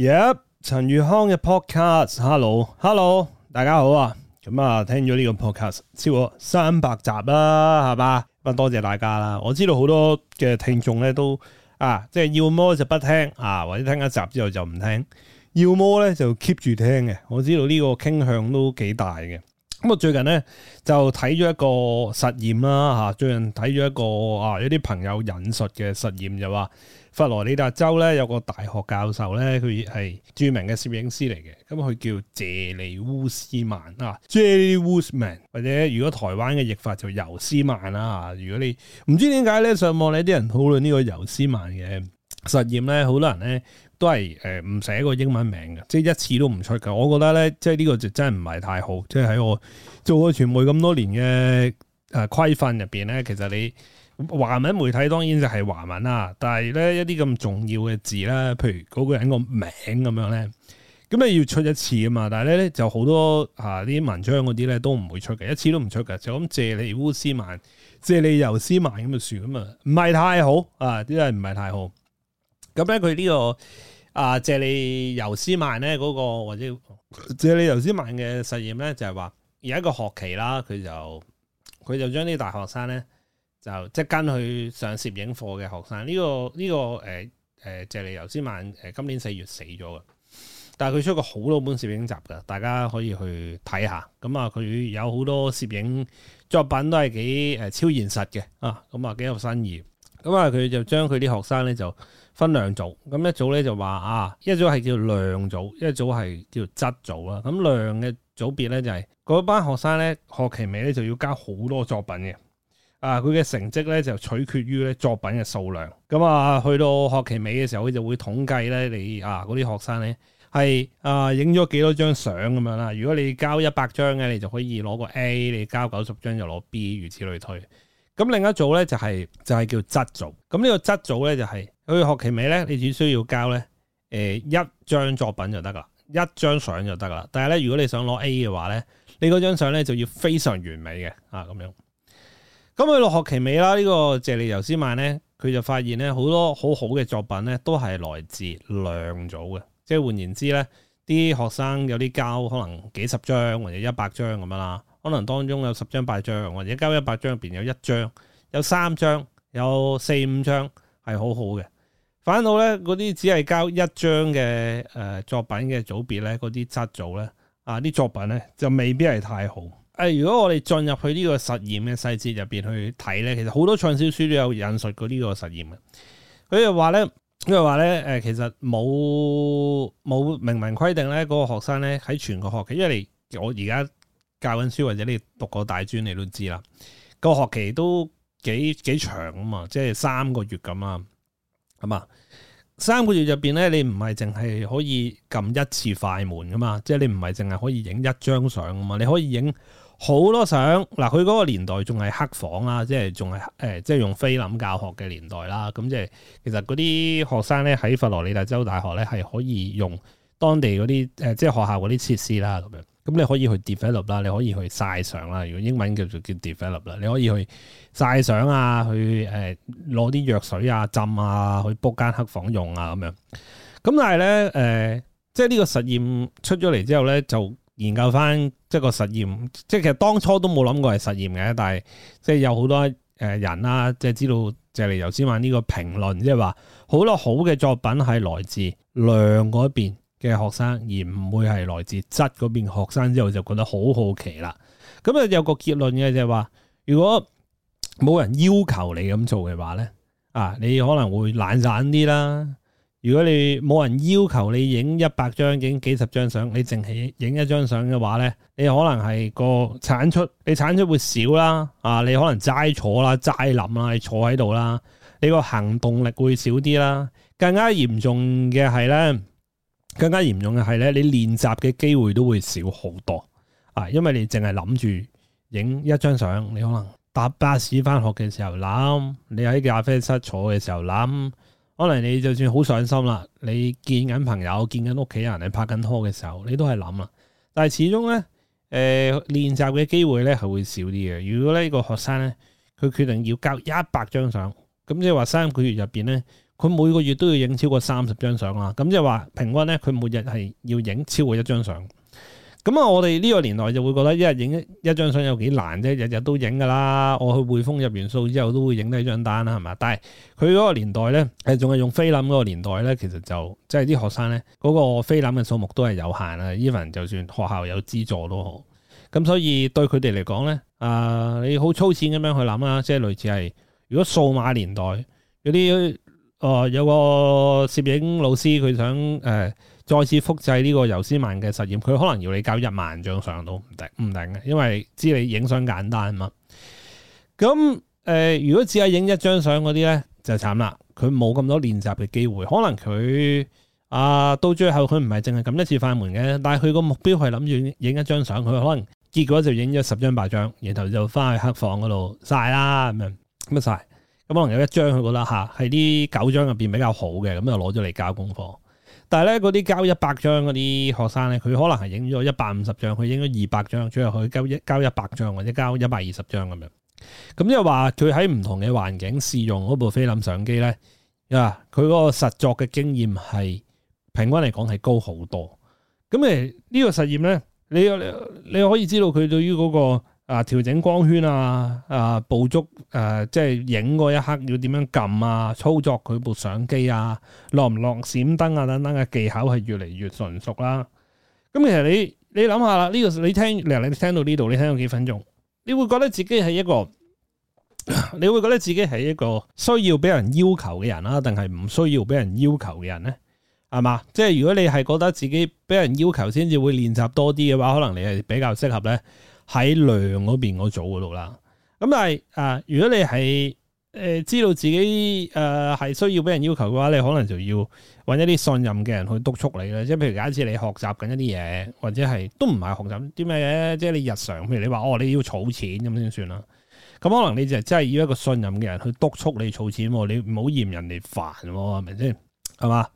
Yep！陳如康嘅 podcast，hello hello，大家好啊！咁啊，聽咗呢個 podcast 超過三百集啦，係嘛，咁多謝大家啦。我知道好多嘅聽眾咧都啊，即係要麼就不聽啊，或者聽一集之後就唔聽，要麼咧就 keep 住聽嘅。我知道呢個傾向都幾大嘅。咁啊，最近咧就睇咗一個實驗啦，吓最近睇咗一個啊，有啲朋友引述嘅實驗就話，佛羅里達州咧有個大學教授咧，佢係著名嘅攝影師嚟嘅，咁佢叫謝利烏斯曼啊，Jerry Ussman，或者如果台灣嘅譯法就尤斯曼啦、啊，如果你唔知點解咧，上網你啲人討論呢個尤斯曼嘅實驗咧，好多人咧。都係誒唔寫個英文名嘅，即係一次都唔出嘅。我覺得咧，即係呢個就真係唔係太好。即係喺我做過傳媒咁多年嘅誒規範入邊咧，其實你華文媒體當然就係華文啦。但係咧一啲咁重要嘅字咧，譬如嗰個人個名咁樣咧，咁你要出一次啊嘛。但係咧就好多啊啲、呃、文章嗰啲咧都唔會出嘅，一次都唔出嘅。就咁謝你烏斯曼、謝你尤斯曼咁嘅說啊嘛，唔係太好啊，真係唔係太好。咁咧佢呢、呢個。啊！謝利尤斯曼咧嗰、那個或者謝利尤斯曼嘅實驗咧，就係、是、話有一個學期啦，佢就佢就將啲大學生咧就即係跟佢上攝影課嘅學生。呢、這個呢、這個誒誒、呃、謝利尤斯曼誒今年四月死咗嘅，但係佢出過好多本攝影集㗎，大家可以去睇下。咁啊，佢有好多攝影作品都係幾誒超現實嘅啊！咁啊幾有新意。咁啊，佢就將佢啲學生咧就。分兩組，咁一組咧就話啊，一組係叫量組，一組係叫質組啦。咁量嘅組別咧就係嗰班學生咧學期尾咧就要交好多作品嘅啊。佢嘅成績咧就取決於咧作品嘅數量。咁啊，去到學期尾嘅時候，佢就會統計咧你啊嗰啲學生咧係啊影咗幾多張相咁樣啦。如果你交一百張嘅，你就可以攞個 A；你交九十張就攞 B，如此類推。咁另一組咧就係就係叫質組。咁呢個質組咧就係。佢學期尾咧，你只需要交咧，誒一張作品就得噶啦，一張相就得噶啦。但係咧，如果你想攞 A 嘅話咧，你嗰張相咧就要非常完美嘅，啊咁樣。咁、嗯、去到學期尾啦，呢、這個謝利尤斯曼咧，佢就發現咧好多好好嘅作品咧，都係來自兩組嘅。即係換言之咧，啲學生有啲交可能幾十張或者一百張咁樣啦，可能當中有十張、八張，或者交一百張入邊有一張、有三張、有四五張係好好嘅。反倒咧，嗰啲只係交一張嘅，誒作品嘅組別咧，嗰啲質素咧，啊啲作品咧就未必係太好。誒，如果我哋進入去呢個實驗嘅細節入邊去睇咧，其實好多暢銷書都有引述過呢個實驗。佢就話咧，佢就話咧，誒，其實冇冇明文規定咧，個學生咧喺全個學期，因為你我而家教緊書或者你讀過大專，你都知啦，個學期都幾幾長啊嘛，即係三個月咁啊。係嘛？三個月入邊咧，你唔係淨係可以撳一次快門噶嘛，即係你唔係淨係可以影一張相噶嘛，你可以影好多相。嗱，佢嗰個年代仲係黑房啊，即係仲係誒，即係用菲林教學嘅年代啦。咁即係其實嗰啲學生咧喺佛羅里達州大學咧係可以用當地嗰啲誒，即係學校嗰啲設施啦咁樣。咁你可以去 develop 啦，你可以去晒相啦。如果英文叫做叫 develop 啦，你可以去晒相啊，去攞啲、呃、藥水啊浸啊，去 book 間黑房用啊咁樣。咁但係咧、呃、即係呢個實驗出咗嚟之後咧，就研究翻即係個實驗。即係其實當初都冇諗過係實驗嘅，但係即係有好多人啦，即係知道借嚟頭先話。呢個評論，即係話好多好嘅作品係來自量嗰邊嘅學生，而唔會係來自質嗰邊學生，之後就覺得好好奇啦。咁啊有個結論嘅就係話，如果冇人要求你咁做嘅話咧，啊你可能會懶散啲啦。如果你冇人要求你影一百張、影幾十張相，你淨係影一張相嘅話咧，你可能係個產出，你產出會少啦。啊，你可能齋坐啦，齋諗啦，你坐喺度啦，你個行動力會少啲啦。更加嚴重嘅係咧。更加嚴重嘅係咧，你練習嘅機會都會少好多啊！因為你淨係諗住影一張相，你可能搭巴士返學嘅時候諗，你喺咖啡室坐嘅時候諗，可能你就算好上心啦，你見緊朋友、見緊屋企人，你拍緊拖嘅時候，你都係諗啦。但係始終咧，誒、呃、練習嘅機會咧係會少啲嘅。如果呢個學生咧，佢決定要交一百張相，咁即係話三個月入邊咧。佢每個月都要影超過三十張相啦，咁即係話平均咧，佢每日係要影超過一張相。咁啊，我哋呢個年代就會覺得一日影一張相有幾難啫，日日都影噶啦。我去匯豐入完數之後都會影低一張單啦，係嘛？但係佢嗰個年代咧，係仲係用菲林嗰個年代咧，其實就即係啲學生咧嗰個菲林嘅數目都係有限啦。even 就算學校有資助都好，咁所以對佢哋嚟講咧，啊、呃、你好粗淺咁樣去諗啊，即係類似係如果數碼年代嗰啲。哦，有個攝影老師，佢想誒再次複製呢個尤斯曼嘅實驗，佢可能要你搞一萬張相都唔定唔定嘅，因為知你影相簡單啊嘛。咁誒、呃，如果只係影一張相嗰啲咧，就慘啦。佢冇咁多練習嘅機會，可能佢啊、呃、到最後佢唔係淨係咁一次快門嘅，但係佢個目標係諗住影一張相，佢可能結果就影咗十張八張，然後就翻去黑房嗰度晒啦咁樣咁可能有一張佢覺得吓係啲九張入邊比較好嘅，咁就攞咗嚟交功課。但係咧，嗰啲交一百張嗰啲學生咧，佢可能係影咗一百五十張，佢影咗二百張，最後佢交一交一百張或者交一百二十張咁樣。咁即係話佢喺唔同嘅環境試用嗰部菲林相機咧，啊，佢嗰個實作嘅經驗係平均嚟講係高好多。咁誒呢個實驗咧，你你，你可以知道佢對於嗰個。啊，調整光圈啊，啊，捕捉，誒、啊，即係影嗰一刻要點樣撳啊，操作佢部相機啊，落唔落閃燈啊，等等嘅、啊、技巧係越嚟越純熟啦。咁、嗯、其實你你諗下啦，呢、呢個你聽，你聽呢度你聽到呢度，你聽咗幾分鐘，你會覺得自己係一個，你會覺得自己係一個需要俾人要求嘅人啦、啊，定係唔需要俾人要求嘅人咧？係嘛？即係如果你係覺得自己俾人要求先至會練習多啲嘅話，可能你係比較適合咧。喺量嗰邊嗰組嗰度啦，咁但係啊，如果你係誒、呃、知道自己誒係、呃、需要俾人要求嘅話，你可能就要搵一啲信任嘅人去督促你啦。即係譬如假設你學習緊一啲嘢，或者係都唔係學習啲咩嘢，即、就、係、是、你日常。譬如你話哦，你要儲錢咁先算啦。咁、嗯、可能你就真係要一個信任嘅人去督促你儲錢，你唔好嫌人哋煩，係咪先？係嘛？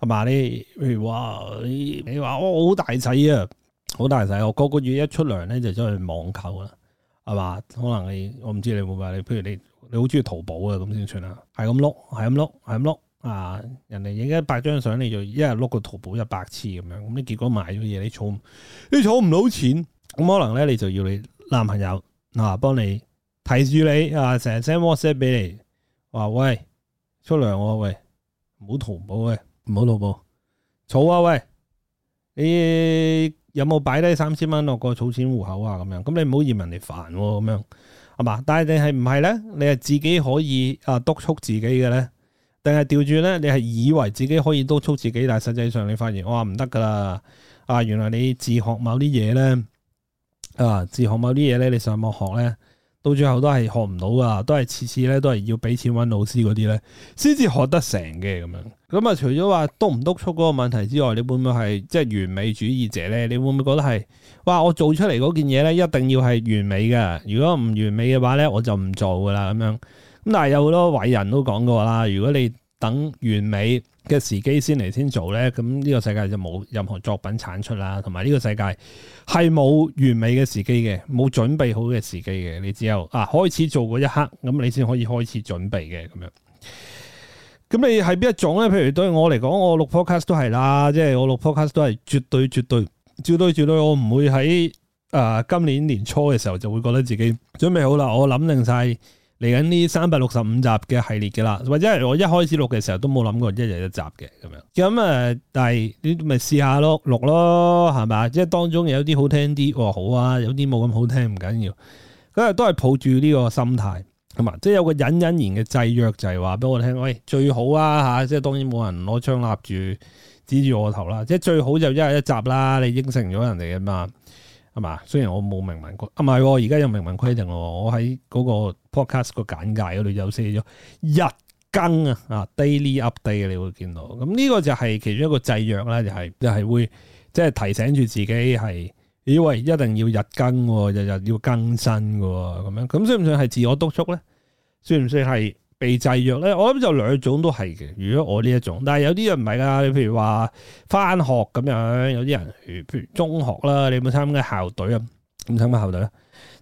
係嘛？你，你譬如話你你話我好大使啊！好大使，我個個月一出糧咧就走去網購啦，係嘛？可能你我唔知你會唔會，你譬如你你好中意淘寶啊，咁先算啦。係咁碌，係咁碌，係咁碌啊！人哋影一百張相，你就一日碌個淘寶一百次咁樣，咁、嗯、你結果買咗嘢你儲，你儲唔到錢，咁可能咧你就要你男朋友嗱幫你提住你啊，成日 send WhatsApp 俾你，你啊、話喂出糧喎喂，唔好淘寶喂，唔好淘寶，儲啊喂，你。有冇擺低三千蚊落個儲錢戶口啊？咁樣，咁你唔好嫌人哋煩喎，咁樣，係嘛？但係你係唔係咧？你係自己可以啊督促自己嘅咧，定係調轉咧？你係以為自己可以督促自己，但係實際上你發現我話唔得噶啦啊！原來你自學某啲嘢咧啊，自學某啲嘢咧，你上網學咧。到最後都係學唔到噶，都係次次咧都係要俾錢搵老師嗰啲咧，先至學得成嘅咁樣。咁啊，除咗話督唔督促嗰個問題之外，你會唔會係即係完美主義者咧？你會唔會覺得係，哇！我做出嚟嗰件嘢咧，一定要係完美㗎，如果唔完美嘅話咧，我就唔做噶啦。咁樣咁，但係有好多偉人都講過啦，如果你等完美嘅時機先嚟先做呢。咁呢個世界就冇任何作品產出啦，同埋呢個世界係冇完美嘅時機嘅，冇準備好嘅時機嘅，你只有啊開始做嗰一刻，咁你先可以開始準備嘅咁樣。咁你係邊一種呢？譬如對我嚟講，我錄 podcast 都係啦，即係我錄 podcast 都係絕對絕對，絕對絕對，我唔會喺呃今年年初嘅時候就會覺得自己準備好啦，我諗定晒。嚟緊呢三百六十五集嘅系列嘅啦，或者係我一開始錄嘅時候都冇諗過一日一集嘅咁樣。咁誒，但係呢咪試下咯，錄咯係嘛？即係當中有啲好聽啲、哦，好啊；有啲冇咁好聽，唔緊要。咁啊都係抱住呢個心態，係咪？即係有個隱隱然嘅制約，就係話俾我聽，喂，最好啊吓、啊！即係當然冇人攞槍立住指住我頭啦。即係最好就一日一集啦。你應承咗人哋啊嘛，係嘛？雖然我冇明文規，唔係，而家有明文規、啊、定我喺嗰個 podcast 個簡介嗰度有寫咗日更啊日更啊 daily update 你會見到咁呢個就係其中一個制約啦，就係、係、就係會即係提醒住自己係，以、哎、為一定要日更，日更喎，日日要更新喎。咁樣，咁算唔算係自我督促咧？算唔算係被制約咧？我諗就兩種都係嘅。如果我呢一種，但係有啲人唔係㗎，你譬如話返學咁樣，有啲人譬如中學啦，你有冇參加校隊啊？咁睇下後隊咧，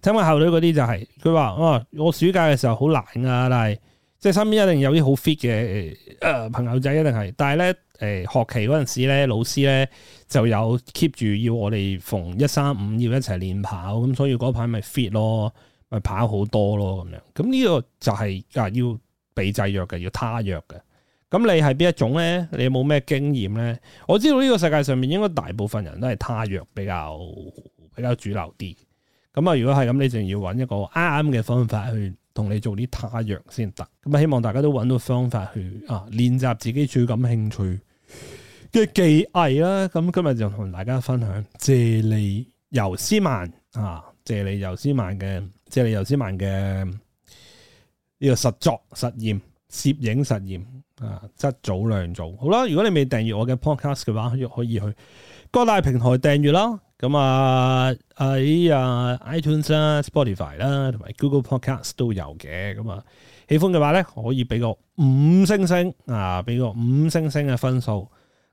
睇下後隊嗰啲就係佢話，哦，我暑假嘅時候好難啊，但係即係身邊一定有啲好 fit 嘅誒朋友仔，一定係，但係咧誒學期嗰陣時咧，老師咧就有 keep 住要我哋逢一三五要一齊練跑，咁所以嗰排咪 fit 咯，咪跑好多咯咁樣。咁呢個就係啊，要畀制約嘅，要他約嘅。咁你係邊一種咧？你有冇咩經驗咧？我知道呢個世界上面應該大部分人都係他約比較。比較主流啲，咁啊，如果係咁，你仲要揾一個啱啱嘅方法去同你做啲太陽先得，咁啊，希望大家都揾到方法去啊練習自己最感興趣嘅技藝啦。咁、啊、今日就同大家分享謝利尤斯曼啊，謝利尤斯曼嘅謝利尤斯曼嘅呢個實作實驗攝影實驗啊，質早量做好啦。如果你未訂閱我嘅 Podcast 嘅話，可以去各大平台訂閱啦。咁啊喺啊 iTunes 啦、Spotify 啦，同埋 Google Podcast 都有嘅。咁啊，喜歡嘅話咧，可以俾個五星星啊，俾個五星星嘅分數。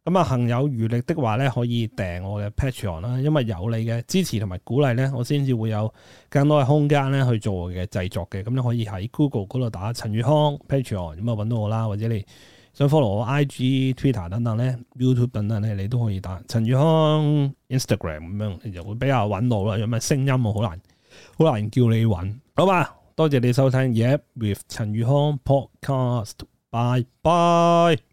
咁啊，行有餘力的話咧，可以訂我嘅 Patreon 啦，因為有你嘅支持同埋鼓勵咧，我先至會有更多嘅空間咧去做我嘅製作嘅。咁你可以喺 Google 嗰度打陳宇康 Patreon，咁啊揾到我啦，或者你，想 follow 我 IG、Twitter 等等咧，YouTube 等等咧，你都可以打陳宇康 Instagram 咁樣，就會比較揾到啦。有咩聲音好、啊、難，好難叫你揾。好吧，多謝你收聽《Yep、yeah、with 陳宇康 Podcast》，拜拜。